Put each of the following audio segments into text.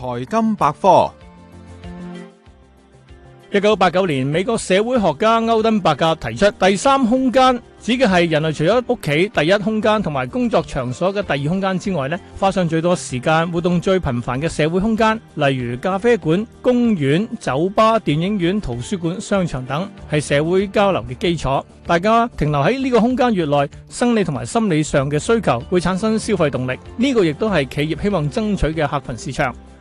財金百科，一九八九年，美國社會學家歐登伯格提出第三空間，指嘅係人類除咗屋企第一空間同埋工作場所嘅第二空間之外，咧花上最多時間、活動最頻繁嘅社會空間，例如咖啡館、公園、酒吧、電影院、圖書館、商場等，係社會交流嘅基礎。大家停留喺呢個空間越耐，生理同埋心理上嘅需求會產生消費動力。呢個亦都係企業希望爭取嘅客群市場。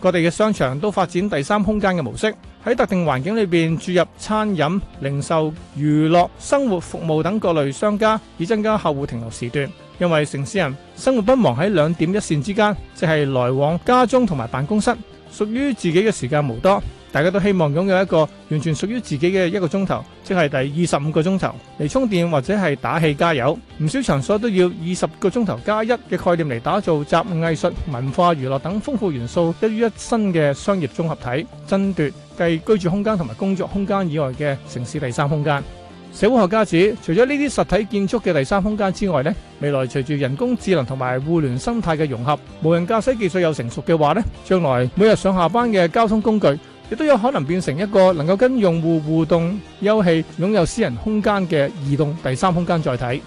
各地嘅商場都發展第三空間嘅模式，喺特定環境裏邊注入餐飲、零售、娛樂、生活服務等各類商家，以增加客戶停留時段。因為城市人生活奔忙，喺兩點一線之間，即係來往家中同埋辦公室，屬於自己嘅時間無多。大家都希望擁有一個完全屬於自己嘅一個鐘頭，即係第二十五個鐘頭嚟充電或者係打氣加油。唔少場所都要二十個鐘頭加一嘅概念嚟打造集藝術、文化、娛樂等豐富元素一於一身嘅商業綜合體，爭奪繼居住空間同埋工作空間以外嘅城市第三空間。社會學家指，除咗呢啲實體建築嘅第三空間之外咧，未來隨住人工智能同埋互聯生態嘅融合，無人駕駛技術又成熟嘅話咧，將來每日上下班嘅交通工具，亦都有可能變成一個能夠跟用戶互動、休憩、擁有私人空間嘅移動第三空間載體。